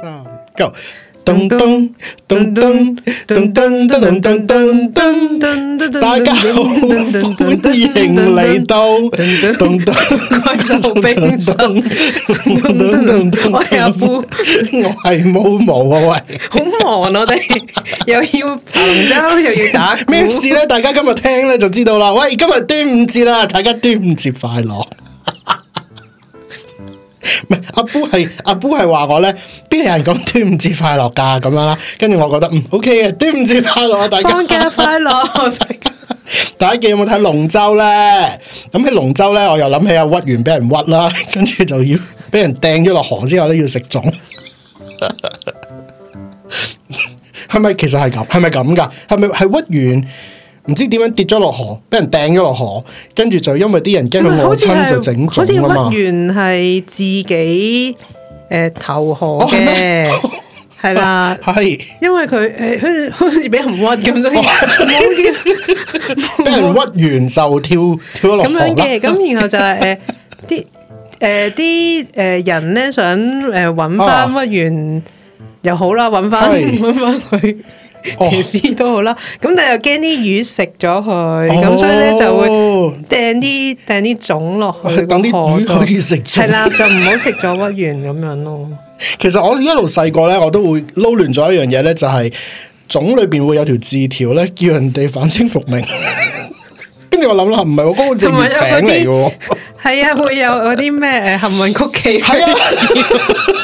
三，Go，噔噔噔噔噔噔噔噔噔噔，大家好，歡迎來到《怪獸冰室》，我係阿 Boo，我係冇毛啊喂，好忙啊我哋，又要扒龍舟，又要打咩事咧？大家今日聽咧就知道啦。喂，今日端午節啦，大家端午節快樂。阿姑係 阿姑係話我呢，邊有人講端午節快樂噶咁樣，跟住我覺得嗯 OK 嘅，端午節快樂啊大家！放假快樂 大家！大家記有冇睇龍舟呢？咁喺龍舟呢，我又諗起阿屈原俾人屈啦，跟住就要俾人掟咗落河之後呢要食粽係 咪其實係咁？係咪咁噶？係咪係屈原。唔知點樣跌咗落河，俾人掟咗落河，跟住就因為啲人驚佢冒親就整，好似屈原係自己誒投河嘅，係啦，係因為佢誒好似好似俾人屈咁，所以俾人屈完就跳跳落河嘅，咁然後就係誒啲誒啲誒人咧想誒搵翻屈原又好啦，搵翻翻佢。條絲都好啦，咁但係又驚啲魚食咗佢，咁、哦、所以咧就會掟啲掟啲粽落去，等啲魚可以食。係啦，就唔好食咗屈原咁樣咯。其實我一路細個咧，我都會撈亂咗一樣嘢咧，就係、是、粽裏邊會有條字條咧，叫人哋反清復明。跟 住我諗下，唔係我嗰個月餅嚟嘅，係啊， 會有嗰啲咩誒幸運曲奇。的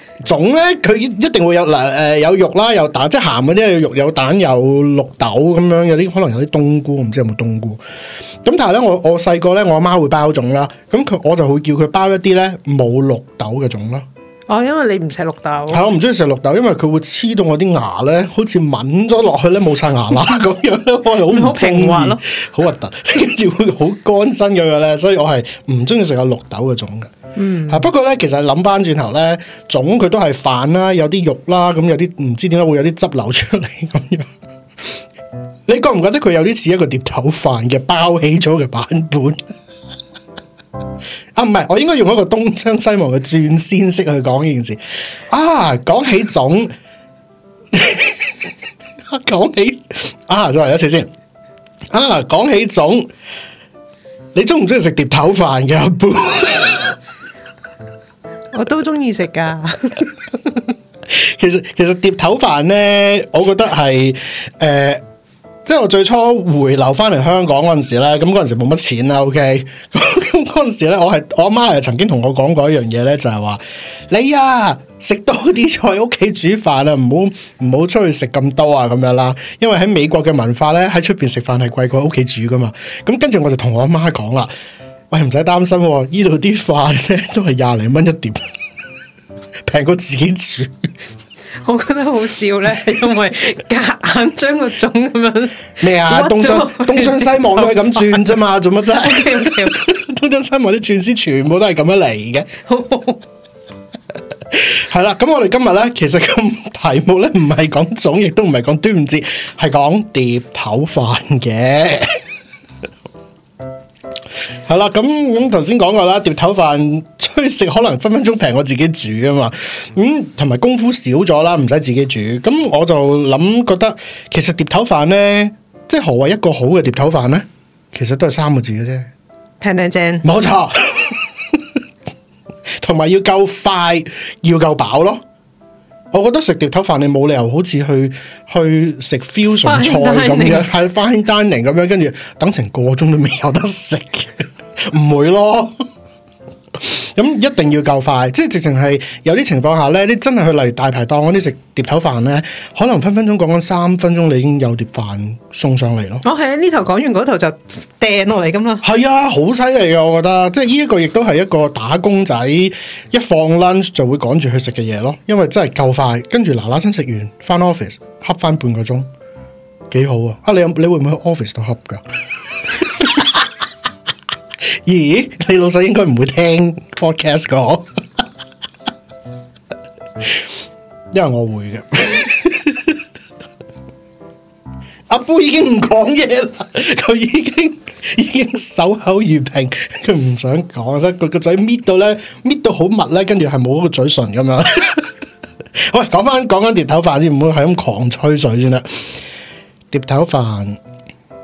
粽咧佢一定會有嗱，誒、呃、有肉啦，有蛋，即係鹹嗰啲，有肉有蛋有綠豆咁樣，有啲可能有啲冬菇，唔知有冇冬菇咁。但係咧我我細個咧，我阿媽會包粽啦，咁佢我就會叫佢包一啲咧，冇綠豆嘅粽咯。哦，因為你唔食綠豆係，我唔中意食綠豆，因為佢會黐到我啲牙咧，好似抿咗落去咧，冇晒牙牙咁 樣咧，我係好唔中意，好核突，跟住會好乾身咁樣咧，所以我係唔中意食有綠豆嘅粽嘅。嗯一，不過咧，其實諗翻轉頭咧，粽佢都係飯啦，有啲肉啦，咁有啲唔知點解會有啲汁流出嚟咁樣。 你覺唔覺得佢有啲似一個碟頭飯嘅包起咗嘅版本？ 啊，唔係，我應該用一個東張西望嘅轉先式去講呢件事。啊，講起粽，講、 啊、起啊，再嚟一次先。啊，講起粽，你中唔中意食碟頭飯嘅一半？ 我都中意食噶。其實其實碟頭飯咧，我覺得係誒、呃，即係我最初回流翻嚟香港嗰陣時咧，咁嗰陣時冇乜錢啦。OK，嗰陣時咧，我係我阿媽係曾經同我講過一樣嘢呢，就係話你呀，食多啲菜，屋企煮飯啊，唔好唔好出去食咁多啊，咁樣啦。因為喺美國嘅文化呢，喺出邊食飯係貴過屋企煮噶嘛。咁跟住我就同我阿媽講啦。喂，唔使擔心、哦，依度啲飯咧都係廿零蚊一碟，平過自己煮。我覺得好笑咧，因為夾硬將個粽咁樣咩啊？東張東張西望都係咁轉啫嘛，做乜啫？Okay, okay, okay, okay. 東張西望啲轉師全部都係咁樣嚟嘅。係啦， 咁我哋今日咧，其實個題目咧唔係講粽，亦都唔係講端午節，係講碟頭飯嘅。係啦，咁咁頭先講過啦，碟頭飯出去食可能分分鐘平過自己煮啊嘛，咁同埋功夫少咗啦，唔使自己煮，咁我就諗覺得，其實碟頭飯咧，即係何謂一個好嘅碟頭飯咧？其實都係三個字嘅啫，平靚正，冇錯沒錯，同 埋要夠快，要夠飽咯。我覺得食碟頭飯，你冇理由好似去去食 fusion 菜咁 Fine dining. 樣，喺 fine dining 咁樣，跟住等成個鐘都未有得食。唔會咯，咁 一定要夠快，即係直情係有啲情況下呢，你真係去嚟大排檔嗰啲食碟頭飯呢，可能分分鐘講緊三分鐘你已經有碟飯送上嚟咯。我喺呢頭講完嗰頭就掟落嚟咁咯。係啊，好犀利啊！我覺得，即係呢一個亦都係一個打工仔一放 lunch 就會趕住去食嘅嘢咯，因為真係夠快，跟住嗱嗱聲食完翻 office，恰翻半個鐘，幾好啊！啊，你有你會唔會去 office 度恰㗎？ 咦？你老細應該唔會聽 podcast 㗎， 因為我會嘅。 阿 Boo 已經唔講嘢啦，佢 已經已經守口如瓶，佢 唔想講啦。佢個嘴搣到咧，搣到好密咧，跟住係冇嗰個嘴唇咁樣。 喂，講翻講緊碟頭飯先，唔好係咁狂吹水先啦。碟頭飯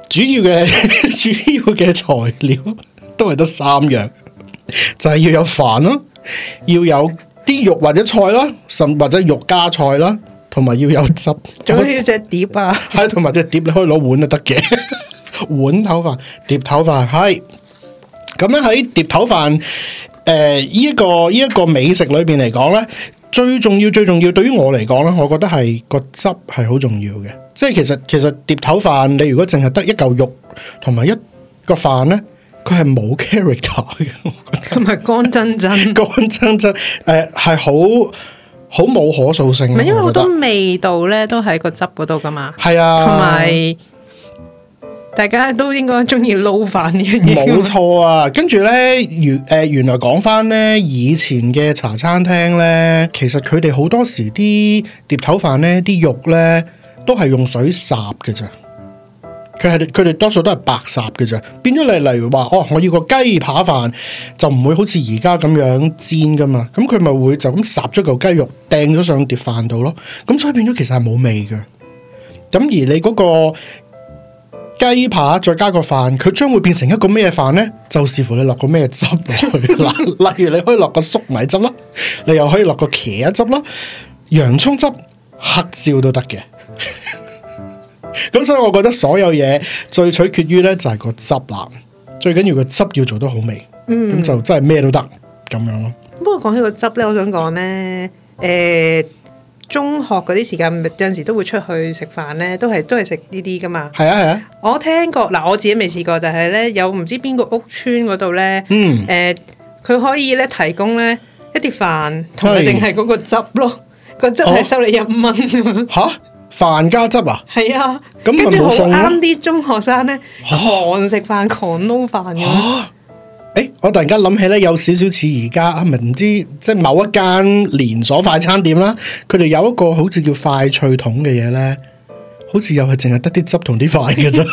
主要嘅 主要嘅材料。都係得三樣，就係、是、要有飯啦，要有啲肉或者菜啦，甚或者肉加菜啦，同埋要有汁。仲有隻碟啊？ 係，同埋隻碟，你可以攞碗都得嘅， 碗頭飯，碟頭飯，係。咁樣喺碟頭飯誒，呢、呃、一、這個呢一、這個美食裏邊嚟講咧，最重要最重要，對於我嚟講咧，我覺得係個汁係好重要嘅。即、就、係、是、其實其實碟頭飯，你如果淨係得一嚿肉同埋一個飯咧。佢係冇 character 嘅，同埋乾真真， 乾真真，誒係好好冇可塑性。唔係，因為好多味道咧，都喺個汁嗰度噶嘛，係啊，同埋大家都應該中意撈飯呢樣嘢。冇錯 啊，跟住咧原誒、呃、原來講翻咧以前嘅茶餐廳咧，其實佢哋好多時啲碟頭飯咧，啲肉咧都係用水烚嘅咋。佢係佢哋多數都係白烚嘅啫，變咗你例如話哦，我要個雞扒飯就唔會好似而家咁樣煎噶嘛，咁佢咪會就咁烚咗嚿雞肉掟咗上碟飯度咯，咁所以變咗其實係冇味嘅。咁而你嗰個雞扒再加個飯，佢將會變成一個咩飯咧？就視乎你落個咩汁落去。 例如你可以落個粟米汁咯，你又可以落個茄汁咯，洋蔥汁、黑椒都得嘅。 咁所以我覺得所有嘢，最取決於咧就係、是、個汁啦，最緊要個汁要做到好味，咁、嗯、就真係咩都得咁樣咯、嗯。不過講起個汁咧，我想講咧，誒、呃，中學嗰啲時間有陣時都會出去食飯咧，都係都係食呢啲噶嘛。係啊係啊，啊我聽過嗱、呃，我自己未試過，就係咧有唔知邊個屋村嗰度咧，誒、嗯，佢、呃、可以咧提供咧一碟飯同埋淨係嗰個汁咯，個汁係收你一蚊。吓、哦？哦哦哦。飯加汁啊！係啊，跟住好啱啲中學生咧，狂食飯、狂撈飯咁。誒、哦欸，我突然間諗起咧，有少少似而家啊，唔唔知，即係某一間連鎖快餐店啦，佢哋有一個好似叫快脆桶嘅嘢咧，好似又係淨係得啲汁同啲飯嘅啫，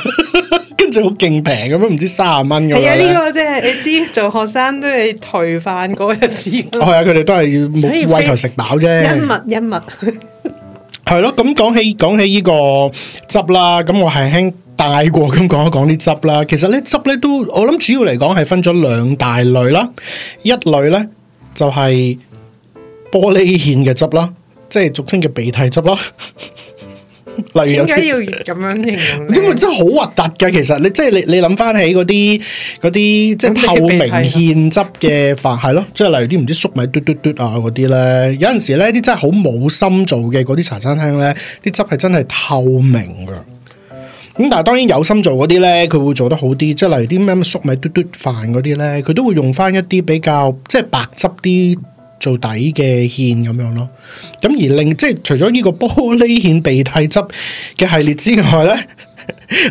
跟住好勁平咁樣，唔知卅蚊咁樣。係啊，呢、這個即係你知，做學生都要頹飯嗰日子。係、 哦、啊，佢哋都係要為求食飽啫，一物一物。係咯，咁講、 嗯嗯嗯、起講起呢個汁啦，咁我輕輕大過咁講一講啲汁啦。其實呢汁呢都，我諗主要嚟講係分咗兩大類啦。一類呢，就係、是、玻璃芡嘅汁啦，即係俗稱嘅鼻涕汁啦。 點解要咁樣認？因為真係好核突㗎，其實即你，你即係你你諗翻起嗰啲啲即係透明芡汁嘅飯，係咯， 即係例如啲唔知粟米嘟嘟嘟啊嗰啲咧，有陣時咧啲真係好冇心做嘅嗰啲茶餐廳咧，啲汁係真係透明㗎。咁但係當然有心做嗰啲咧，佢會做得好啲。即係例如啲咩粟米嘟嘟飯嗰啲咧，佢都會用翻一啲比較即係白汁啲。做底嘅芡咁樣咯，咁而另即係除咗呢個玻璃芡鼻涕汁嘅系列之外咧，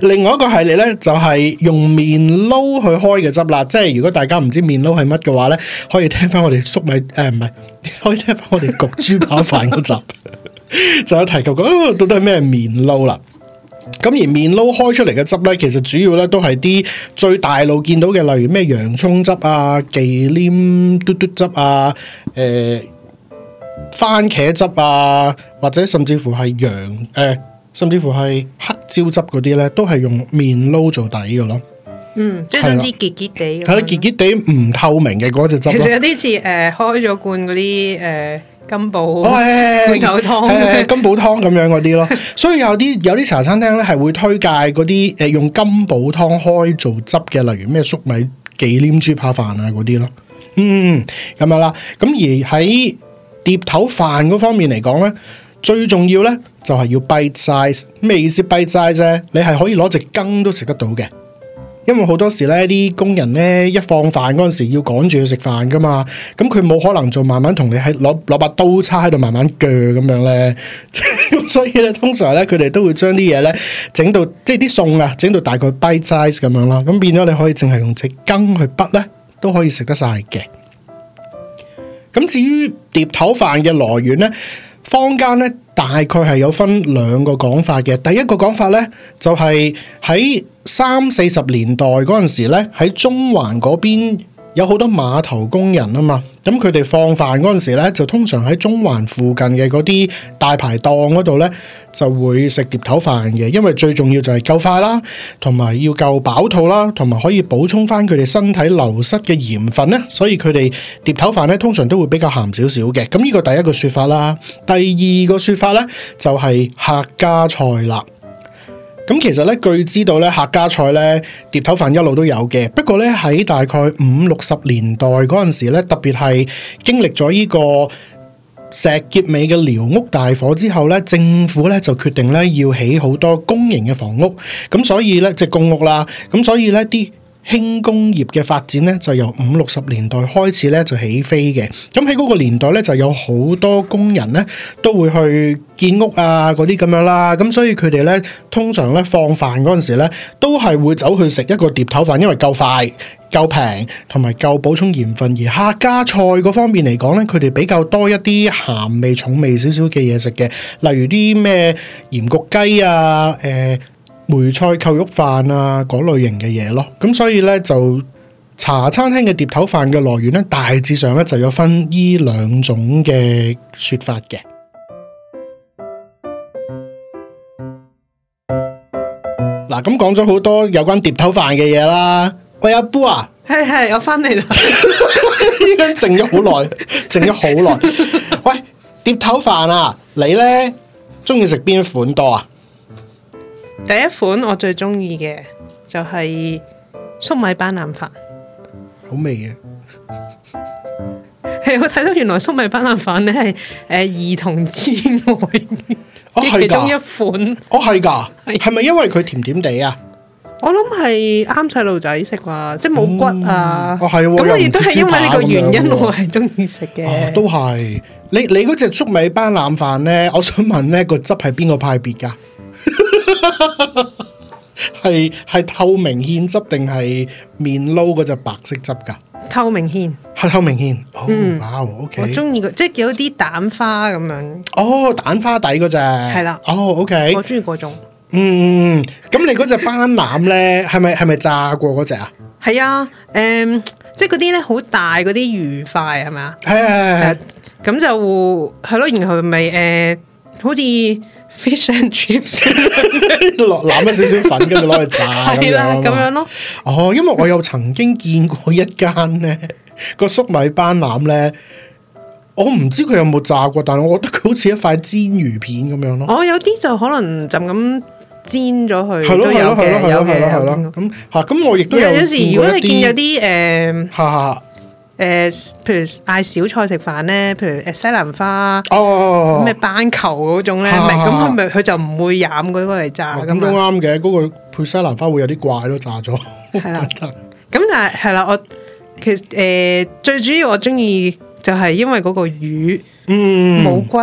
另外一個系列咧就係、是、用麵撈去開嘅汁啦。即係如果大家唔知麵撈係乜嘅話咧，可以聽翻我哋粟米誒唔係，可以聽翻我哋焗豬扒飯嗰集 就有提及過、哦，到底係咩麵撈啦。咁而麵撈開出嚟嘅汁咧，其實主要咧都係啲最大路見到嘅，例如咩洋蔥汁啊、忌廉嘟嘟嘟汁啊、誒、呃、番茄汁啊，或者甚至乎係洋誒，甚至乎係黑椒汁嗰啲咧，都係用麵撈做底嘅咯。嗯，即係總之結結哋，係咯，結結哋唔透明嘅嗰隻汁。其實有啲似誒開咗罐嗰啲誒。呃金寶、哦，骨頭湯，欸、金寶湯咁樣嗰啲咯，所以有啲有啲茶餐廳咧係會推介嗰啲誒用金寶湯開做汁嘅，例如咩粟米忌廉豬扒飯啊嗰啲咯，嗯咁樣啦。咁而喺碟頭飯嗰方面嚟講咧，最重要咧就係要 bite 晒，未食 bite 晒啫，你係可以攞隻羹都食得到嘅。因為好多時咧，啲工人咧一放飯嗰陣時，要趕住去食飯噶嘛，咁佢冇可能就慢慢同你喺攞攞把刀叉喺度慢慢鋸咁樣咧，樣呢 所以咧通常咧佢哋都會將啲嘢咧整到即係啲餸啊，整到大概 bite size 咁樣咯，咁變咗你可以淨係用隻羹去畢咧，都可以食得晒嘅。咁至於碟頭飯嘅來源咧，坊間咧大概係有分兩個講法嘅。第一個講法咧就係喺，三四十年代嗰陣時咧，喺中環嗰邊有好多碼頭工人啊嘛，咁佢哋放飯嗰陣時咧，就通常喺中環附近嘅嗰啲大排檔嗰度咧，就會食碟頭飯嘅，因為最重要就係夠快啦，同埋要夠飽肚啦，同埋可以補充返佢哋身體流失嘅鹽分咧，所以佢哋碟頭飯咧通常都會比較鹹少少嘅。咁呢個第一個説法啦，第二個説法咧就係客家菜啦。咁其實咧，據知道咧，客家菜咧，碟頭飯一路都有嘅。不過咧，喺大概五六十年代嗰陣時咧，特別係經歷咗呢個石硤尾嘅寮屋大火之後咧，政府咧就決定咧要起好多公營嘅房屋，咁所以咧即係公屋啦。咁所以咧啲輕工業嘅發展咧，就由五六十年代開始咧就起飛嘅。咁喺嗰個年代咧，就有好多工人咧都會去建屋啊嗰啲咁樣啦。咁所以佢哋咧通常咧放飯嗰陣時咧，都係會走去食一個碟頭飯，因為夠快、夠平同埋夠補充鹽分。而客家菜嗰方面嚟講咧，佢哋比較多一啲鹹味、重味少少嘅嘢食嘅，例如啲咩鹽焗雞啊，誒、呃。梅菜扣肉飯啊，嗰類型嘅嘢咯，咁所以咧就茶餐廳嘅碟頭飯嘅來源咧，大致上咧就有分依兩種嘅說法嘅。嗱、啊，咁講咗好多有關碟頭飯嘅嘢啦。喂阿 Bo 啊，係係，我翻嚟啦，依家靜咗好耐，靜咗好耐。喂，碟頭飯啊，你咧中意食邊款多啊？第一款我最中意嘅就係、是、粟米班腩飯，好味嘅。係 我睇到原來粟米班腩飯咧，係誒兒童之外嘅、哦、其中一款。哦係噶，係咪的的因為佢甜甜地啊？ 我諗係啱細路仔食啩，即係冇骨啊。嗯、哦係，咁我亦都係因為呢個原因我係中意食嘅。都係。你你嗰隻粟米班腩飯咧，我想問咧、呢個汁係邊個派別噶？ 係係 透明芡汁定係面撈嗰隻白色汁噶？透明芡係 透明芡，嗯、oh, wow, okay.，好 OK。我中意個即係叫啲蛋花咁樣。哦，蛋花底嗰隻係啦。哦了、oh,，OK。我中意嗰種。嗯咁你嗰隻斑腩咧，係咪係咪炸過嗰隻 啊？係、嗯、 啊，誒、 嗯，即係嗰啲咧好大嗰啲魚塊係咪啊？係係係。咁就係咯，然後咪誒、呃，好似。fish and chips 落攬一少少粉，跟住攞去炸啦，咁樣咯。哦，因為我有曾經見過一間咧個粟米斑腩咧，我唔知佢有冇炸過，但係我覺得佢好似一塊煎魚片咁樣咯。哦，有啲就可能就咁煎咗佢，係咯係咯係咯係咯係咯咁吓。咁我亦都有有時如果你見有啲誒吓吓誒、呃，譬如嗌小菜食飯咧，譬如誒西蘭花，咩、哦、斑球嗰種咧，咁佢咪佢就唔會染嗰個嚟炸。咁都啱嘅，嗰樣個配西蘭花會有啲怪咯，炸咗、啊。係啦， 咁但係係啦，我其實誒、呃、最主要我鍾意就係因為嗰個魚，冇骨，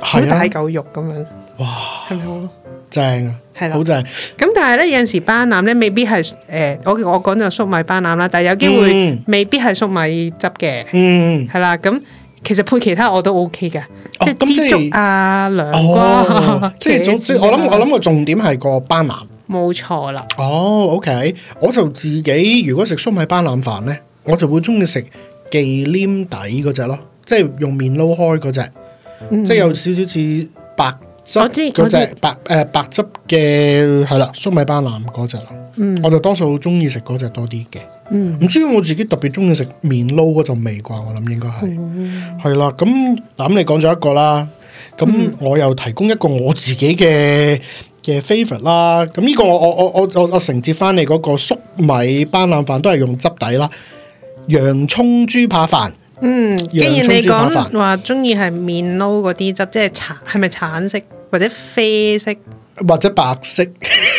好、嗯、大嚿肉咁樣。哇，係好正啊。係啦，好正。咁但係咧，有陣時斑腩咧，未必係誒，我我講就粟米斑腩啦，但係有機會未必係粟米汁嘅。嗯，係啦。咁其實配其他我都 O K 嘅，即係豬粥啊、涼瓜。即係總之，我諗我諗個重點係個斑腩，冇錯啦。哦，OK，我就自己如果食粟米斑腩飯咧，我就會中意食忌廉底嗰隻咯，即係用麵撈開嗰隻，即係有少少似白。嗰隻白誒、呃、白汁嘅係啦，粟米斑腩嗰隻啦，嗯、我就多數好中意食嗰隻多啲嘅。唔、嗯、知我自己特別中意食麵撈嗰陣味啩？我諗應該係係啦。咁咁、嗯、你講咗一個啦，咁、嗯、我又提供一個我自己嘅嘅 favourite 啦。咁呢個我我我我我，我，我，我，我承接翻你嗰個粟米斑腩飯都係用汁底啦，洋葱豬扒飯。嗯，既然你講話中意係面撈嗰啲汁，即係橙，係咪橙色或者啡色，或者白色，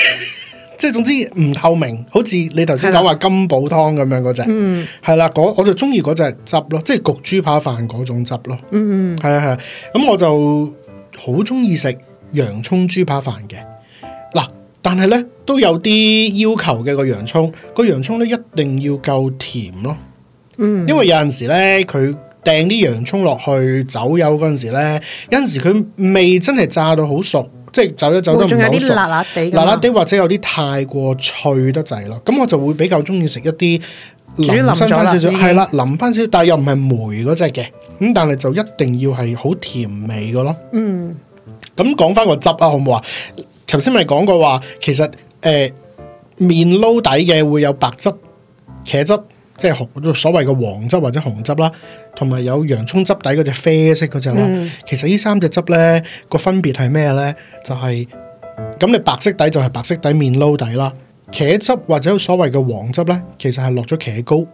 即係總之唔透明，好似你頭先講話金寶湯咁樣嗰隻，嗯的，係啦，我就中意嗰隻汁咯，即係焗豬扒飯嗰種汁咯，嗯嗯，係啊係啊，咁我就好中意食洋葱豬扒飯嘅，嗱，但係咧都有啲要求嘅。個洋葱，個洋葱咧一定要夠甜咯。因為有陣時咧，佢掟啲洋葱落去走油嗰陣時咧，有陣時佢未真係炸到好熟，即係走一走都仲有啲辣辣地，辣辣地或者有啲太過脆得滯咯，咁我就會比較中意食一啲淋翻少少，係啦淋翻少少，但係又唔係梅嗰隻嘅，咁但係就一定要係好甜味嘅咯。嗯，咁講翻個汁啊，好唔好啊？頭先咪講過話，其實誒、呃、面撈底嘅會有白汁、茄汁。即係所謂嘅黃汁或者紅汁啦，同埋有洋葱汁底嗰隻啡色嗰隻啦。嗯、其實三呢三隻汁咧個分別係咩咧？就係、是、咁，你白色底就係白色底麵撈底啦。茄汁或者所謂嘅黃汁咧，其實係落咗茄膏，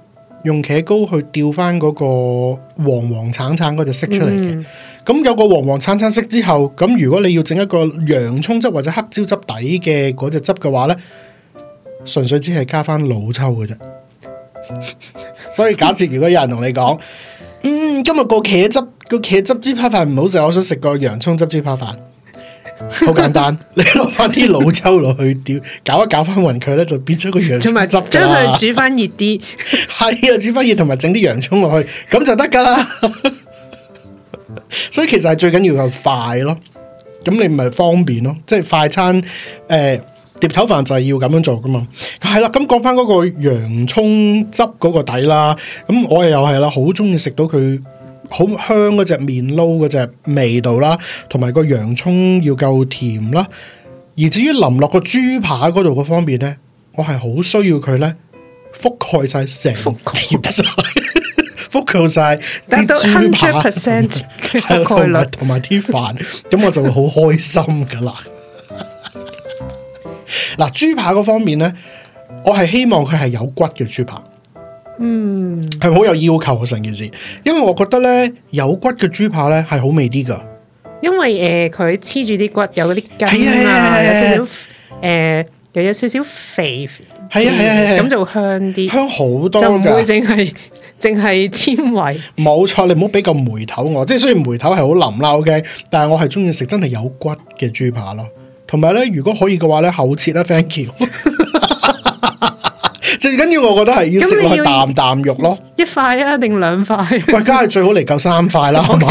用茄膏去調返嗰個黃黃橙橙嗰隻色出嚟嘅。咁、嗯、有個黃黃橙橙色之後，咁如果你要整一個洋葱汁或者黑椒汁底嘅嗰隻汁嘅話咧，純粹只係加返老抽嘅啫。 所以假設如果有人同你講，嗯，今日個茄汁個茄汁豬扒飯唔好食，我想食個洋葱汁豬扒飯，好簡單， 你落翻啲老抽落去調，攪一攪翻匀佢咧，就變咗個洋葱，同埋汁，將佢煮翻熱啲，係啊， 煮翻熱同埋整啲洋葱落去，咁就得噶啦。 所以其實係最緊要係快咯，咁你咪方便咯，即係快餐誒。呃碟頭飯就係要咁樣做噶嘛，係啦。咁講翻嗰個洋蔥汁嗰個底啦，咁我又係啦，好中意食到佢好香嗰隻麵撈嗰隻味道啦，同埋個洋蔥要夠甜啦。而至於淋落個豬扒嗰度嗰方面咧，我係好需要佢咧覆蓋晒成碟晒，覆蓋晒啲豬扒嘅同埋同埋啲飯，咁我就會好開心噶啦。嗱，豬扒嗰方面咧，我係希望佢係有骨嘅豬扒，嗯，係好有要求嘅成件事，因為我覺得咧有骨嘅豬扒咧係好味啲噶，因為誒佢黐住啲骨，有啲筋啊、呃，有少少誒又有少少肥，係啊，咁就香啲，香好多，就唔會淨係淨係纖維。冇錯，你唔好俾個梅頭我，即係雖然梅頭係好腍啦，OK，但係我係中意食真係有骨嘅豬扒咯。同埋咧，如果可以嘅話咧，厚切啦，Thank you。最緊要我覺得係要食落去啖啖肉咯，一塊啊定兩塊？喂，梗係最好嚟夠三塊啦，好嘛？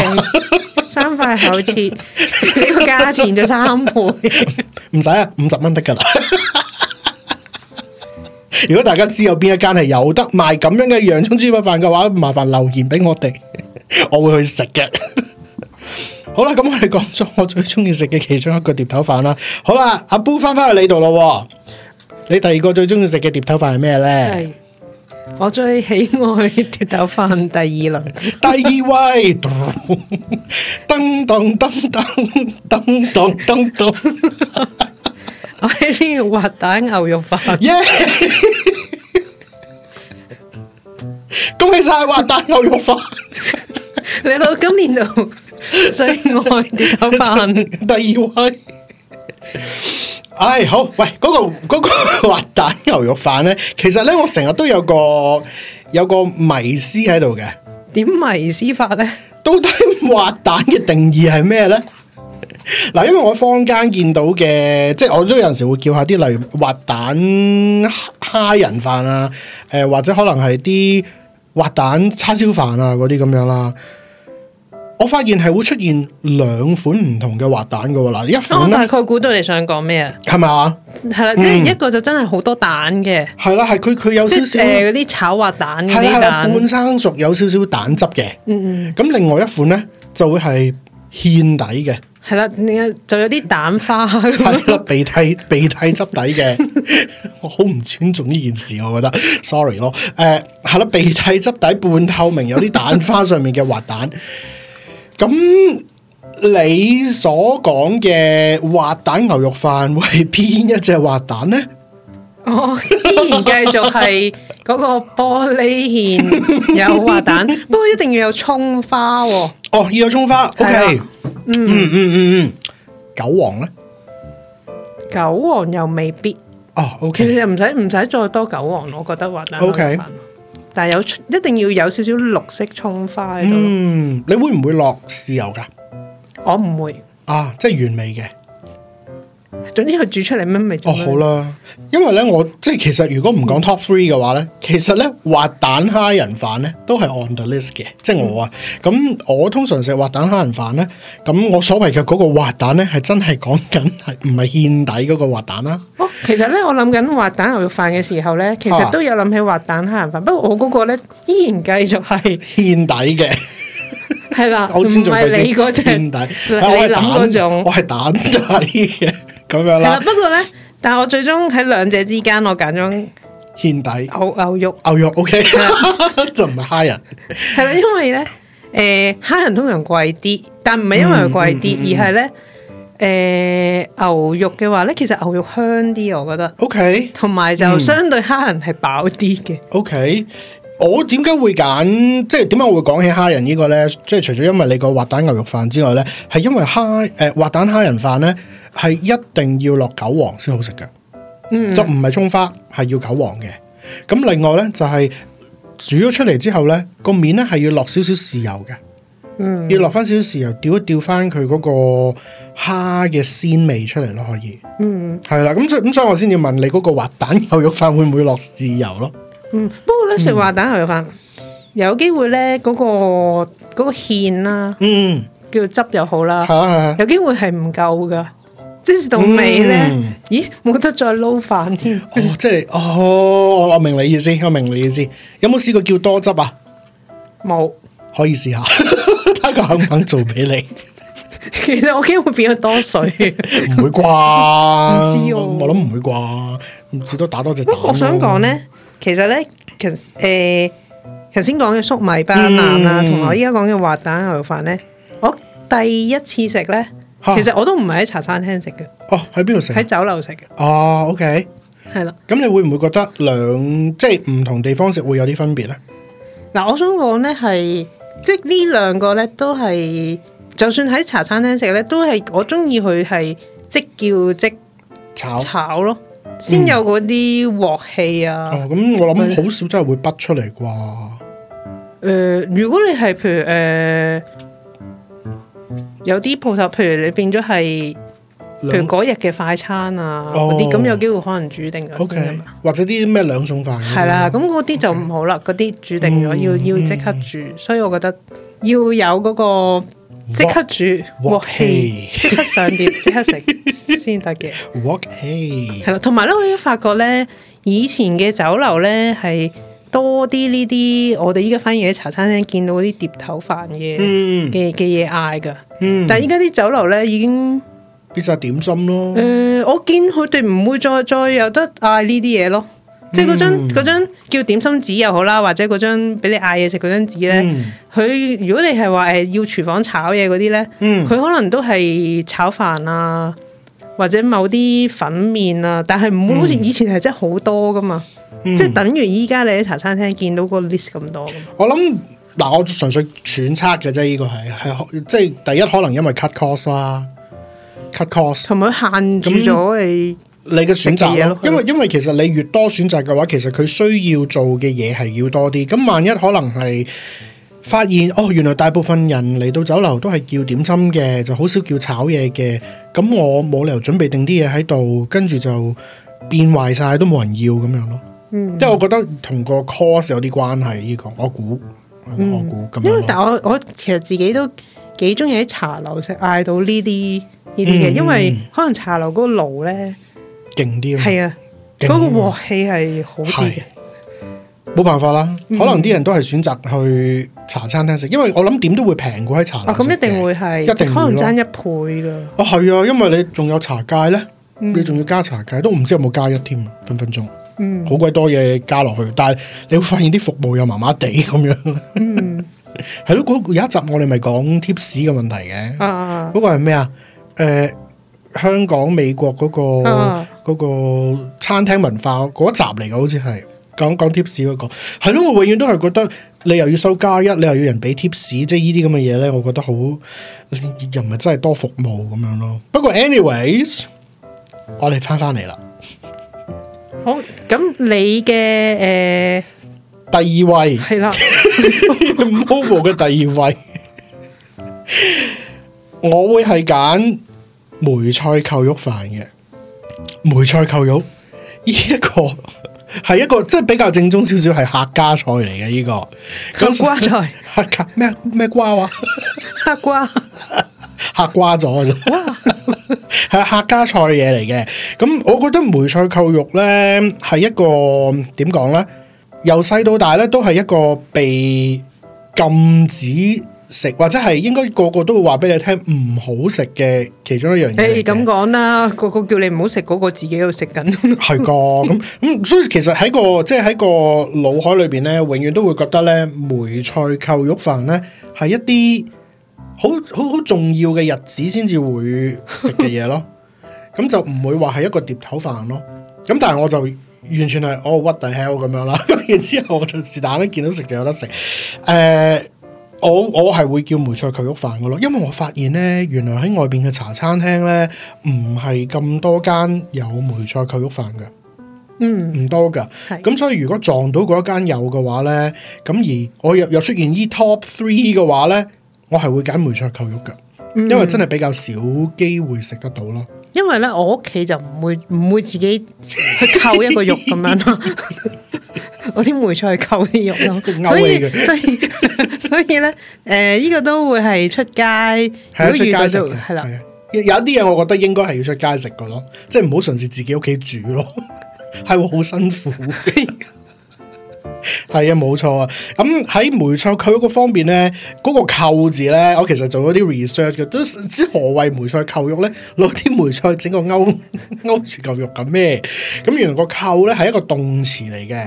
三塊厚切，呢個價錢就三倍。唔使啊，五十蚊得噶啦。如果大家知有邊一間係有得賣咁樣嘅洋蔥豬骨飯嘅話，麻煩留言俾我哋，我會去食嘅。好啦，咁我哋講咗我最中意食嘅其中一個碟頭飯啦。好啦，阿 Bo 翻翻去你度咯。你第二個最中意食嘅碟頭飯係咩咧？我最喜愛碟頭飯第二輪第二位，噔噔噔噔噔噔噔。咚，我喜歡滑蛋牛肉飯。恭喜晒滑蛋牛肉飯。你 到今年度。 最愛的碟頭飯，第二位。 唉，好，喂，嗰、嗰個、嗰個滑蛋牛肉飯咧，其實咧我成日都有個有個迷思喺度嘅。點迷思法咧？到底滑蛋嘅定義係咩咧？嗱， 因為我坊間見到嘅，即係我都有陣時會叫一下啲，例如滑蛋蝦仁飯啊，誒、呃，或者可能係啲滑蛋叉燒飯啊嗰啲咁樣啦。我發現係會出現兩款唔同嘅滑蛋嘅嗱，一款我大概估到你想講咩啊？係咪啊？係啦，即係一個就真係好多蛋嘅，係啦、嗯，係佢佢有少少誒啲炒滑蛋嘅蛋，半生熟有少少蛋汁嘅，嗯嗯，咁另外一款咧就會係芡底嘅，係啦，就有啲蛋花，係啦，鼻涕鼻涕汁底嘅， 我好唔尊重呢件事，我覺得，sorry 咯，誒、呃，係啦，鼻涕汁底半透明，有啲蛋花上面嘅滑蛋。 咁你所講嘅滑蛋牛肉飯會係邊一隻滑蛋呢？哦，依然繼續係嗰個玻璃芡有滑蛋，不過一定要有蔥花喎。哦，要有蔥花，OK。嗯嗯嗯嗯嗯，韭黃呢？韭黃又未必。哦，OK，其實唔使唔使再多韭黃，我覺得滑蛋牛肉飯。但係有一定要有少少綠色蔥花喺度咯。嗯，你會唔會落豉油㗎？我唔會，啊，即係原味嘅。總之佢煮出嚟乜味？哦，好啦，因為咧，我即係其實如果唔講 top three 嘅話咧，嗯、其實咧，滑蛋蝦仁飯咧都係 on the list 嘅，即係我啊。咁、嗯、我通常食滑蛋蝦仁飯咧，咁我所謂嘅嗰個滑蛋咧係真係講緊係唔係芡底嗰個滑蛋啦、啊。哦，其實咧，我諗緊滑蛋牛肉飯嘅時候咧，其實都有諗起滑蛋蝦仁飯，啊、不過我嗰個咧依然繼續係芡底嘅，係 啦的，唔係你嗰隻、那個底，我係蛋種，我係蛋底嘅。 咁樣啦，啦，不過咧，但係我最終喺兩者之間，我揀咗芡底牛牛肉，牛肉 OK， 就唔係蝦仁，係 啦，因為咧，誒、呃，蝦仁通常貴啲，但唔係因為佢貴啲，嗯嗯嗯、而係咧，誒、呃，牛肉嘅話咧，其實牛肉香啲，我覺得 OK，同埋就相對蝦仁係飽啲嘅，OK，我點解會揀，即係點解我會講起蝦仁呢個咧，即、就、係、是、除咗因為你個滑蛋牛肉飯之外咧，係因為蝦，誒、呃，滑、呃呃、蛋蝦仁飯咧。係一定要落韭黃先好食嘅，嗯，就唔係蔥花，係要韭黃嘅。咁另外咧就係、是、煮咗出嚟之後咧，個面咧係要落少少豉油嘅，嗯，要落翻少少豉油，調一調翻佢嗰個蝦嘅鮮味出嚟咯，可以，嗯，係啦，咁所以咁所以我先要問你嗰個滑蛋牛肉飯會唔會落豉油咯？嗯，不過咧食滑蛋牛肉飯，嗯、有機會咧嗰、那個、那個芡啦、啊，嗯，叫汁又好啦，係啊係，有機會係唔夠噶。的即係到尾咧，嗯、咦，冇得再撈飯添。哦，即係，哦，我明你意思，我明你意思。有冇試過叫多汁啊？冇，可以試下，睇下肯唔肯做俾你。其實、呃嗯、我驚會變咗多水，唔會啩？唔知哦，我諗唔會啩，唔至都打多隻蛋。我想講咧，其實咧，其誒，頭先講嘅粟米斑腩啊，同埋我依家講嘅滑蛋牛肉飯咧，我第一次食咧。呢其實我都唔係喺茶餐廳食嘅。哦，喺邊度食？喺酒樓食嘅。哦，OK 的。係啦。咁你會唔會覺得兩即係唔同地方食會有啲分別咧？嗱、呃，我想講咧係，即係呢兩個咧都係，就算喺茶餐廳食咧都係，我中意佢係即叫即炒炒，炒咯，先有嗰啲鑊氣啊、嗯。哦，咁我諗好少真係會滗出嚟啩。誒、呃，如果你係譬如誒。呃有啲鋪頭，譬如你變咗係，譬如嗰日嘅快餐啊嗰啲，咁、哦、有機會可能煮定咗。O、okay. K，或者啲咩兩餸飯。係啦、啊，咁嗰啲就唔好啦，嗰啲煮定咗，要要即刻煮，okay. 所以我覺得要有嗰個即刻煮鑊氣，Work, 即刻上碟，即刻食先得嘅。鑊氣係啦，同埋咧，我已經發覺咧，以前嘅酒樓咧係。多啲呢啲，我哋依家反而喺茶餐廳見到嗰啲碟頭飯嘅嘅嘅嘢嗌噶，但係依家啲酒樓咧已經變晒點心咯。誒、呃，我見佢哋唔會再再有得嗌呢啲嘢咯，即係嗰張張叫點心紙又好啦，或者嗰張俾你嗌嘢食嗰張紙咧，佢、嗯、如果你係話誒要廚房炒嘢嗰啲咧，佢、嗯、可能都係炒飯啊，或者某啲粉麵啊，但係唔會好似以前係真係好多噶嘛。嗯嗯、即係等於依家你喺茶餐廳見到個 list 咁多，我諗嗱，我純粹揣測嘅啫。呢、呢個係係即係第一可能因為 cut cost 啦，cut cost 同埋限制咗你、嗯、你嘅選擇，因為因為其實你越多選擇嘅話，其實佢需要做嘅嘢係要多啲。咁萬一可能係發現哦，原來大部分人嚟到酒樓都係叫點心嘅，就好少叫炒嘢嘅。咁我冇理由準備定啲嘢喺度，跟住就變壞晒都冇人要咁樣咯。嗯、即係我覺得同個 course 有啲關係呢、呢個我，嗯、我估我估咁樣。因為但係我我其實自己都幾中意喺茶樓食嗌到呢啲呢啲嘅，嗯、因為可能茶樓嗰個爐咧勁啲，係啊，嗰個鑊氣係好啲嘅。冇辦法啦，嗯、可能啲人都係選擇去茶餐廳食，因為我諗點都會平過喺茶樓。哦，咁一定會係，一定可能爭一倍㗎。哦，係啊，因為你仲有茶芥咧，你仲要加茶芥，都唔知有冇加一添分分鐘。好鬼多嘢加落去，但係你會發現啲服務又麻麻地咁樣。係 咯、嗯， 有一集我哋咪講 tips 嘅問題嘅。嗰個係咩啊？誒、呃，香港美國嗰、那個、啊、個餐廳文化嗰、那個、集嚟嘅，好似係講講 tips 嗰、那個。係咯，我永遠都係覺得你又要收加一，你又要人俾 tips，即係呢啲咁嘅嘢咧，我覺得好又唔係真係多服務咁樣咯。不過 anyways，我哋翻翻嚟啦。 好，咁、哦、你嘅誒、呃、第二位係啦 Momo 嘅第二位，我會係揀梅菜扣肉飯嘅梅菜扣肉，呢、這個、一個係一個即係比較正宗少少，係客家菜嚟嘅呢個。咁瓜菜，客家咩咩瓜啊？客瓜，客瓜咗啊！係 客家菜嘢嚟嘅，咁我覺得梅菜扣肉呢，係一個點講呢？由細到大呢，都係一個被禁止食，或者係應該個個都會話俾你聽唔好食嘅其中一樣嘢。誒、欸，咁講啦，個個叫你唔好食嗰個自己喺度食緊。係 噶， 咁咁，所以其實喺個即係喺個腦海裏邊呢，永遠都會覺得呢，梅菜扣肉飯呢，係一啲，好好好重要嘅日子先至會食嘅嘢咯，咁 就唔會話係一個碟頭飯咯。咁但係我就完全係我、oh, what the hell 咁樣啦。咁然之後我就是但一見到食就有得食。誒、uh, 我我係會叫梅菜扣肉飯嘅咯，因為我發現咧，原來喺外邊嘅茶餐廳咧唔係咁多間有梅菜扣肉飯嘅，嗯，唔多噶。咁的所以如果撞到嗰一間有嘅話咧，咁而我又又出現依 top three 嘅話咧。我係會揀梅菜扣肉嘅，因為真係比較少機會食得到咯、嗯。因為咧，我屋企就唔會唔會自己去扣一個肉咁樣咯， 我啲梅菜扣啲肉咯。 所以 所以所以咧，誒、呃，呢、這個都會係出街係的出街食嘅，係啦了。有啲嘢我覺得應該係要出街食嘅咯，即係唔好嘗試自己屋企煮咯，係 會好辛苦。 係啊，冇錯啊！咁喺梅菜扣肉個方面呢，嗰、個扣字呢，我其實做咗啲 research 嘅，都知何謂梅菜扣肉呢？攞啲梅菜整個勾勾住嚿肉咁咩？咁原來、個扣呢係一個動詞嚟嘅，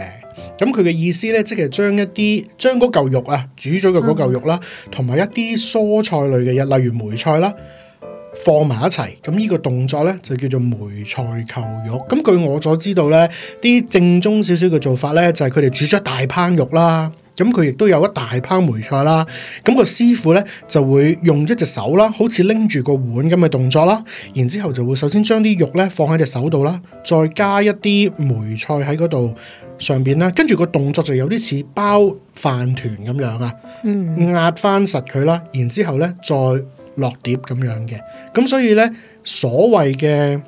咁佢嘅意思呢，即係將一啲將嗰嚿肉啊煮咗嘅嗰嚿肉啦，同埋、嗯、一啲蔬菜類嘅嘢，例如梅菜啦。放埋一齊，咁、這、呢個動作呢，就叫做梅菜扣肉。咁據我所知道呢，啲正宗少少嘅做法呢，就係佢哋煮咗一大烹肉啦，咁佢亦都有一大烹梅菜啦。咁個師傅呢，就會用一隻手啦，好似拎住個碗咁嘅動作啦，然之後就會首先將啲肉呢放喺隻手度啦，再加一啲梅菜喺嗰度上邊啦，跟住個動作就有啲似包飯團咁樣啊，壓翻實佢啦，然之後呢，再。落碟咁樣嘅，咁所以咧，所謂嘅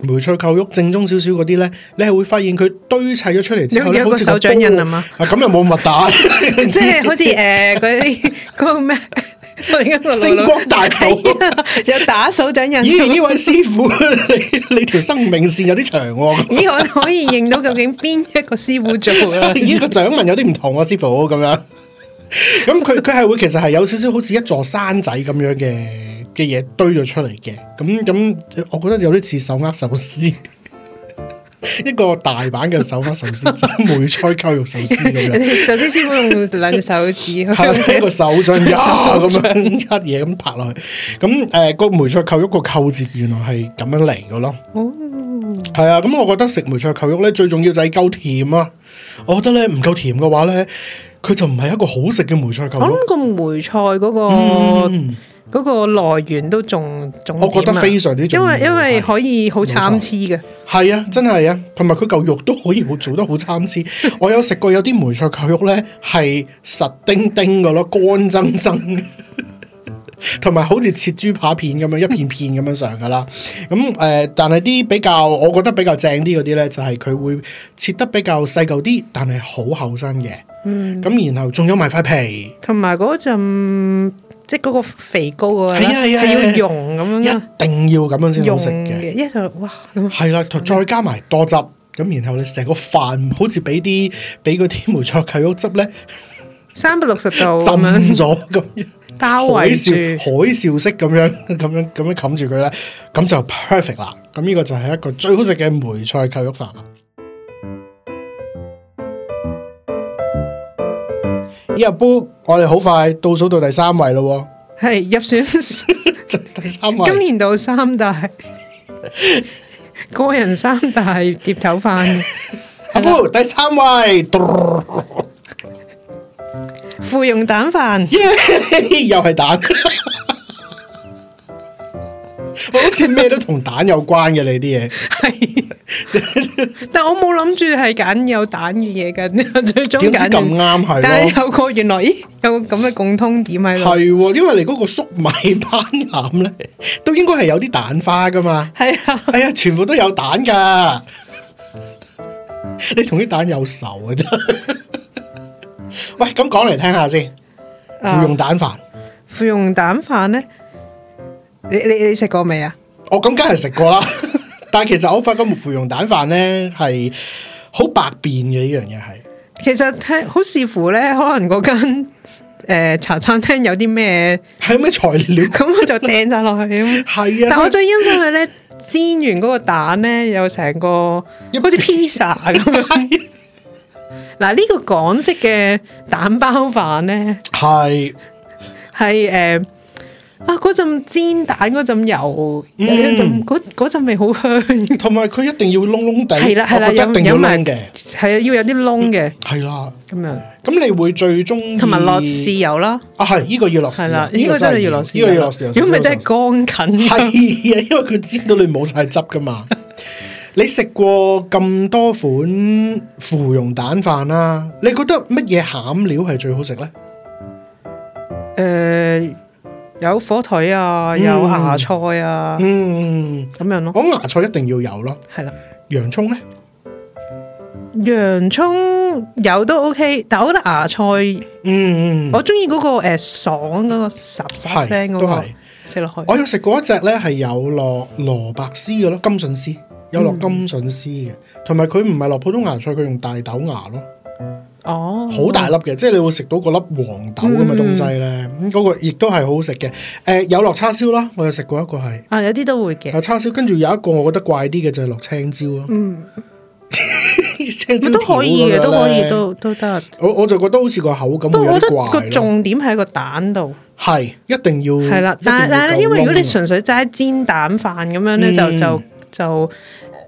梅菜扣肉，正宗少少嗰啲咧，你係會發現佢堆砌咗出嚟，之後有個手掌印啊嘛？啊，咁、啊、又冇密打， 即係好似誒嗰啲嗰個咩？突 然星光大道有 打手掌印。咦、哎？呢、 哎、位師傅，你你條生命線有啲長喎、啊。咦、 哎？可可以認到究竟邊一個師傅做咦，呢、 哎那個掌紋有啲唔同啊，師傅咁樣。咁佢佢係會其實係有少少好似一座山仔咁樣嘅嘅嘢堆咗出嚟嘅，咁咁，我覺得有啲似手握壽司， 一個大版嘅手握壽司，即梅菜扣肉壽司咁樣。壽司師傅用兩隻手指，揸個手掌呀咁樣，一嘢咁拍落去。咁誒，個梅菜扣肉個扣字原來係咁樣嚟嘅咯。哦、嗯，係啊。咁我覺得食梅菜扣肉咧，最重要就係夠甜啊！我覺得咧唔夠甜嘅話咧。佢就唔係一個好食嘅梅菜扣肉。我諗個梅菜嗰、那個嗰、嗯、個來源都仲仲，我覺得非常之重要，因為因為可以好參差嘅，係錯、嗯、啊，真係啊。同埋佢嚿肉都可以好做得好參差。 我有食過有啲梅菜扣肉咧，係實丁丁噶咯，乾增增，同 埋好似切豬扒片咁樣，一片片咁樣上噶啦。咁誒、 嗯呃，但係啲比較，我覺得比較正啲嗰啲咧，就係佢會切得比較細嚿啲，但係好厚身嘅。嗯，咁然後仲有埋塊皮，同埋嗰陣即係嗰個肥膏啊，係啊係啊，要融咁樣，一定要咁樣先好食嘅。一就哇，係啦，再加埋多汁咁，然後你成個飯好似俾啲俾嗰啲梅菜扣肉汁咧，三百六十度浸咗咁樣，包圍住海嘯式咁樣咁樣咁樣冚住佢咧，咁就 perfect 啦。咁呢個就係一個最好食嘅梅菜扣肉飯。呢日煲，我哋好快倒數到第三位咯。係入選， 第三位。今年到三大 個人三大碟頭飯，阿煲布的第三位， 芙蓉蛋飯， 又係是蛋。 好似咩都同蛋有關嘅你啲嘢，係，但我冇諗住係揀有蛋嘅嘢嘅，最終揀。點知咁啱係，但係有個原來，咦，有個咁嘅共通點係，係，因為你嗰個粟米斑腩咧，都應該係有啲蛋花噶嘛，係啊，係啊，全部都有蛋噶，你同啲蛋有仇啊真，喂，咁講嚟聽下先，芙蓉蛋飯，芙蓉蛋飯咧。你你你食過未啊？我咁梗係食過啦， 但係其實我發覺芙蓉蛋飯咧係好百變嘅呢樣嘢，係。 其實睇好視乎咧，可能嗰間誒茶餐廳有啲咩，係咩材料，咁我就掟晒落去。係啊 的，但我最欣賞佢咧煎完嗰個蛋咧有成個，一邊 好似披薩咁。嗱樣，呢的、 呢個港式嘅蛋包飯咧係係誒。啊！嗰陣煎蛋嗰陣油，嗰陣陣味好香。同埋佢一定要燶燶地，係啦係啦，有有燶嘅，係要有啲燶嘅，係啦。咁樣咁，你會最中意同埋落豉油啦。啊，係呢個要落豉油，係啦，呢個真係要落豉油，呢個要落豉油。如果唔係真係乾緊。係啊，因為佢煎到你冇晒汁噶嘛。你食過咁多款芙蓉蛋飯啦，你覺得乜嘢餡料係最好食咧？誒。有火腿啊，有芽菜啊，嗯，咁樣咯。我芽菜一定要有咯，係啦的。洋蔥咧，洋蔥有都 OK，但我覺得芽菜，嗯，我中意嗰個誒、呃、爽嗰個霎霎聲嗰個食落去。我有食過一隻咧，係有落蘿蔔絲嘅咯，甘筍絲有落甘筍絲嘅，同埋佢唔係落普通芽菜，佢用大豆芽咯。哦，好大粒嘅，即係你會食到個粒黃豆咁嘅東西咧，咁嗰個亦都係好好食嘅。誒，有落叉燒啦，我有食過一個係，啊，有啲都會嘅。有叉燒跟住有一個我覺得怪啲嘅就係落青椒咯，嗯，青椒都可以嘅，都可以，都都得。我我就覺得好似個口感，不過我覺得個重點喺個蛋度，係一定要係啦。但但係因為如果你純粹齋煎蛋飯咁樣咧，就就就。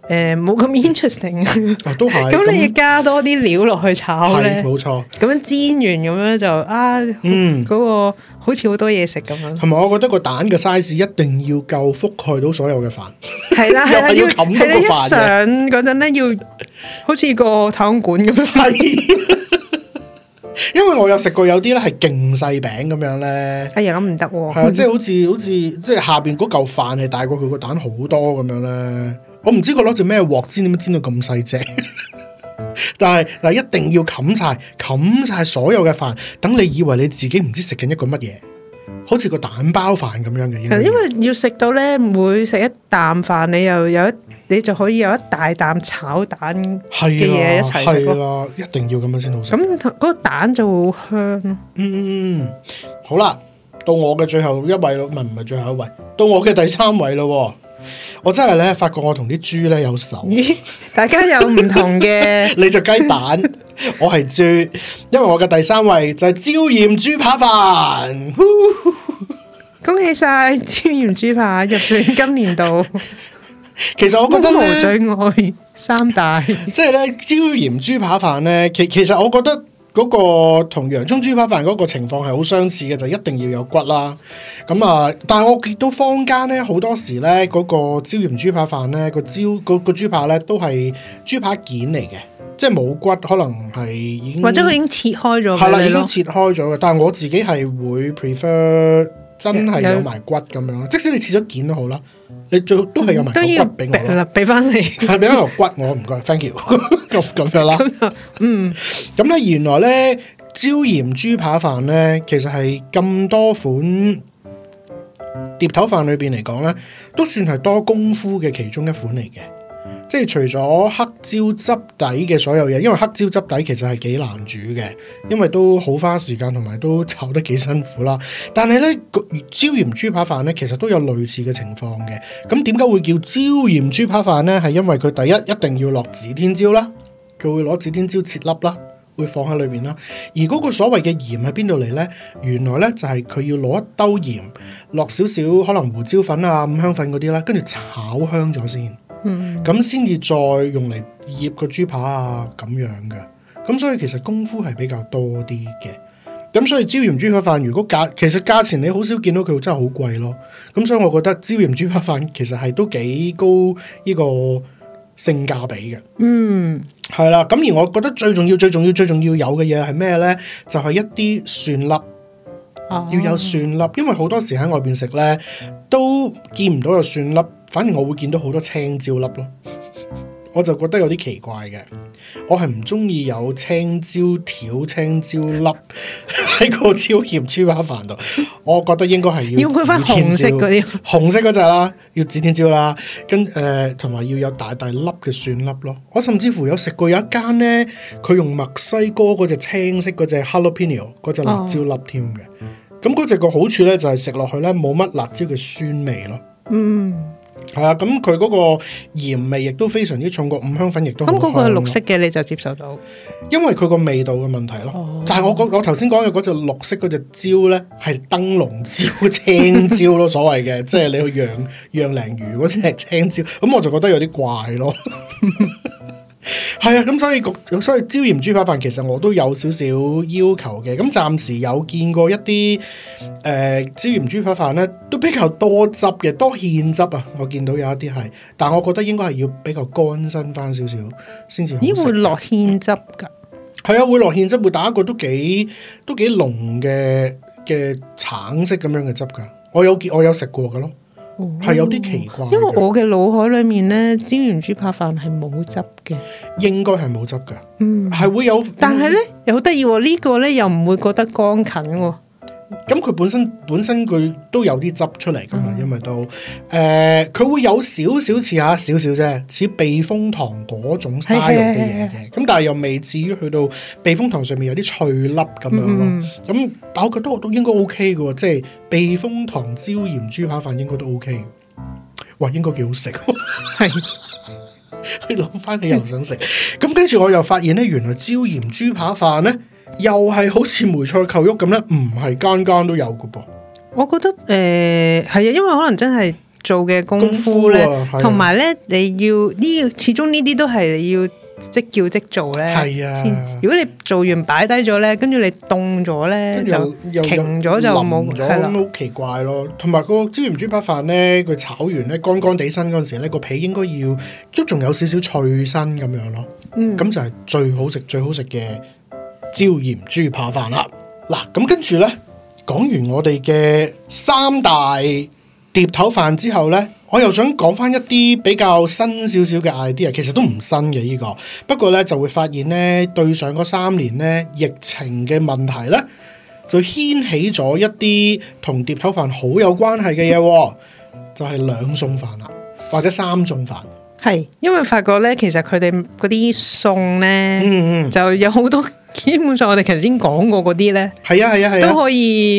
誒，冇咁、呃、interesting。 都係是。咁你要加多啲料落去炒咧？係，冇錯。咁樣煎完咁樣就啊，嗯，嗰個好似好多嘢食咁樣。同埋，我覺得個蛋嘅 size 一定要夠覆蓋到所有嘅飯。係 啦，係要冚到個飯嘅。上嗰陣咧， 要好似個湯管咁樣。係 是， 因為我有食過有啲咧係勁細餅咁樣咧。哎呀，咁唔得喎。係啊，即、就、係、是、好似 好似即係下邊嗰嚿飯係大過佢個蛋好多咁樣咧。我唔知佢攞住咩鑊煎，點解煎到咁細隻？ 但係但係一定要冚晒，冚晒所有嘅飯。等你以為你自己唔知食緊一個乜嘢，好似個蛋包飯咁樣嘅。因為要食到咧，每食一啖飯，你又有一，你就可以有一大啖炒蛋嘅嘢一齊。係啦，啊啊，一定要咁樣先好食。咁嗰個蛋就好香。嗯嗯嗯，好啦，到我嘅最後一位咯，唔係唔係最後一位，到我嘅第三位咯。我真係咧發覺我同啲豬咧有仇，大家有唔同嘅。 你就雞蛋，我係豬， 因為我嘅第三位就係椒鹽豬扒飯。恭喜晒椒鹽豬扒入選今年度。 其實我覺得呢，無最愛三大，即係咧椒鹽豬扒飯咧。其其實我覺得。嗰個同洋葱豬扒飯嗰個情況係好相似嘅，就一定要有骨啦。咁啊，但係我見到坊間咧好多時咧嗰個椒鹽豬扒飯咧個椒嗰個豬扒咧都係豬扒件嚟嘅，即係冇骨，可能係已經或者佢已經切開咗，係啦，已經切開咗嘅。但係我自己係會 prefer。真係有埋骨咁樣，有即使你切咗件都好啦，你最好都係有埋骨俾我啦，俾翻你，係俾翻嚿骨我，唔該，thank you 咁 樣啦吧，嗯，咁咧原來咧椒鹽豬扒飯咧，其實係咁多款碟頭飯裏邊嚟講咧，都算係多功夫嘅其中一款嚟嘅。即係除咗黑椒汁底嘅所有嘢，因為黑椒汁底其實係幾難煮嘅，因為都好花時間同埋都炒得幾辛苦啦。但係咧，椒鹽豬扒飯咧其實都有類似嘅情況嘅。咁點解會叫椒鹽豬扒飯咧？係因為佢第一一定要落指天椒啦，佢會攞指天椒切粒啦，會放喺裏面啦。而嗰個所謂嘅鹽喺邊度嚟咧？原來咧就係佢要攞一兜鹽，落少少可能胡椒粉啊、五香粉嗰啲啦，跟住炒香咗先。嗯，咁先至再用嚟醃個豬扒啊咁樣嘅，咁所以其實功夫係比較多啲嘅，咁所以椒鹽豬扒飯如果價其實價錢你好少見到佢真係好貴咯，咁所以我覺得椒鹽豬扒飯其實係都幾高呢個性價比嘅。嗯，係啦，咁而我覺得最重要、最重要、最重要有嘅嘢係咩呢？就係、是、一啲蒜粒，oh。要有蒜粒，因為好多時喺外邊食呢都見唔到有蒜粒。反而我會見到好多青椒粒咯，我就覺得有啲奇怪嘅。我係唔中意有青椒條、青椒粒喺 個椒鹽 超花飯度。我覺得應該係要要佢翻紅色嗰啲紅色嗰隻啦，要指天椒啦， 跟誒同埋要有大大粒嘅蒜粒咯。我甚至乎有食過有一間咧，佢用墨西哥嗰隻青色嗰隻 jalapeno 嗰隻辣椒粒添嘅。咁嗰隻個好處咧就係食落去咧冇乜辣椒嘅酸味咯。嗯。嗯。係啊，咁佢嗰個鹽味亦都非常之重，過五香粉亦都。咁嗰、嗯嗰個綠色嘅你就接受到，因為佢個味道嘅問題咯。哦、但係我我頭先講嘅嗰隻綠色嗰隻椒咧，係燈籠椒、 青椒咯，所謂嘅，即係你釀釀鯪魚嗰隻青椒。咁我就覺得有啲怪咯。 係啊，咁所以焗，所以椒鹽豬扒飯其實我都有少少要求嘅。咁暫時有見過一啲誒椒鹽豬扒飯咧，都比較多汁嘅，多芡汁啊！我見到有一啲係，但係我覺得應該係要比較乾身翻少少先至好。咦？會落芡汁噶？係啊，會落芡汁，會打一個都幾都幾濃嘅嘅橙色咁樣嘅汁噶。我有我有食過噶咯。係有啲奇怪，因為我嘅腦海裏面呢，椒鹽豬扒飯係冇汁嘅，應該係冇汁㗎，嗯，係會有，但係呢、嗯、又好得意，呢、這個咧又唔會覺得乾緊喎。咁佢本身本身佢都有啲汁出嚟噶嘛，嗯、哼因為都誒佢會有少少似下少少啫，似、啊、避風塘嗰種 style 嘅嘢嘅，咁、嗯、哼但係又未至於去到避風塘上面有啲脆粒咁樣咯。咁、嗯哼嗯、但我覺得都都應該 OK 嘅喎，即係避風塘椒鹽豬扒飯應該都 OK。哇，應該幾好食，係。你諗翻起又想食，咁 跟住我又發現咧，原來椒鹽豬扒飯咧。又係好似梅菜扣肉咁咧，唔係間間都有噶噃。我覺得誒係啊，因為可能真係做嘅功夫咧，同埋咧，你要呢，始終呢啲都係要即叫即做咧。係啊的，如果你做完擺低咗咧，跟住你凍咗咧，就停咗就冇咗，咁好奇怪咯。同埋，嗯、個椒鹽豬扒飯咧，佢炒完咧乾乾地身嗰陣時咧，個皮應該要都仲有少少脆身咁樣咯。嗯，咁就係最好食最好食嘅。椒鹽豬扒飯啦，嗱咁跟住咧，講完我哋嘅三大碟頭飯之後咧，我又想講翻一啲比較新少少嘅 idea，其實都唔新嘅呢個，不過咧就會發現咧，對上嗰三年咧疫情嘅問題咧，就掀起咗一啲同碟頭飯好有關係嘅嘢，哦， 就係兩餸飯啦，或者三餸飯。係，因為發覺咧，其實佢哋嗰啲餸咧，嗯嗯，就有好多。基本上我哋頭先講過嗰啲咧，係啊係啊係，啊都可以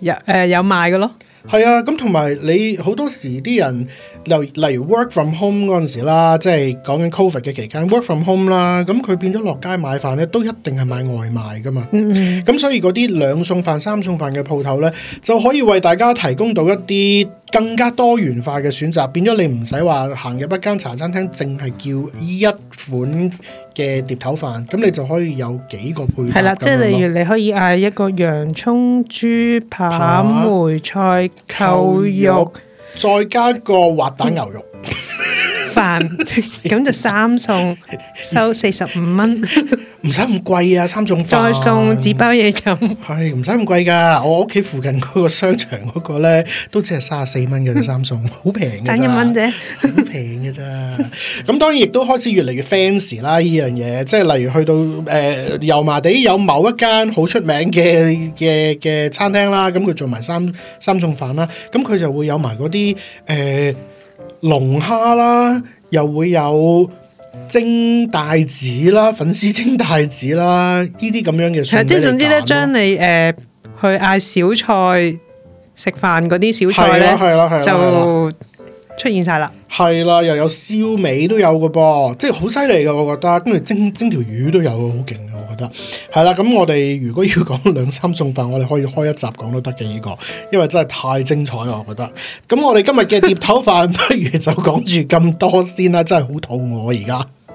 有誒有賣㗎囉。係啊，咁同埋你好多時啲人。又例如 work from home 嗰陣時啦，即係講緊 COVID 嘅期間 work from home 啦，咁佢變咗落街買飯咧，都一定係買外賣㗎嘛。咁、mm hmm. 所以嗰啲兩餸飯、三餸飯嘅鋪頭咧，就可以為大家提供到一啲更加多元化嘅選擇，變咗你唔使話行入一間茶餐廳，淨係叫依一款嘅碟頭飯，咁、mm hmm. 你就可以有幾個配搭。係啦，即係例如你可以嗌一個洋葱豬扒，扒梅菜扣肉。扣肉再加一個滑蛋牛肉。 飯咁 就三餸，收四十五蚊，唔使咁貴啊！三餸，再送紙包嘢飲，係唔使咁貴噶。我屋企附近嗰個商場嗰個咧，都只係卅四蚊嘅三餸，好平噶，賺 一蚊啫，好平噶咋？咁 當然亦都開始越嚟越 fancy 啦。呢樣嘢，即係例如去到誒、呃、油麻地有某一間好出名嘅嘅嘅餐廳啦，咁、嗯、佢做埋三三餸飯啦，咁、嗯、佢就會有埋嗰啲誒。呃龍蝦啦，又會有蒸帶子啦，粉絲蒸帶子啦，呢啲咁樣嘅。即係總之咧，將你誒、呃、去嗌小菜食飯嗰啲小菜咧，就，出現晒啦，係啦，又有燒味都有嘅噃，即係好犀利噶，我覺得。跟住蒸蒸條魚都有，好勁嘅，我覺得。係啦，咁我哋如果要講兩三餸飯，我哋可以開一集講都得嘅呢個，因為真係太精彩啦，我覺得。咁我哋今日嘅碟頭飯 不如就講住咁多先啦，真係好肚餓而家。